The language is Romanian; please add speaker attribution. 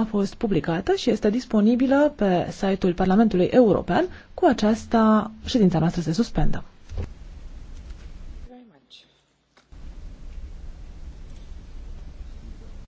Speaker 1: a fost publicată și este disponibilă pe site-ul Parlamentului European. Cu aceasta, ședința noastră se suspendă.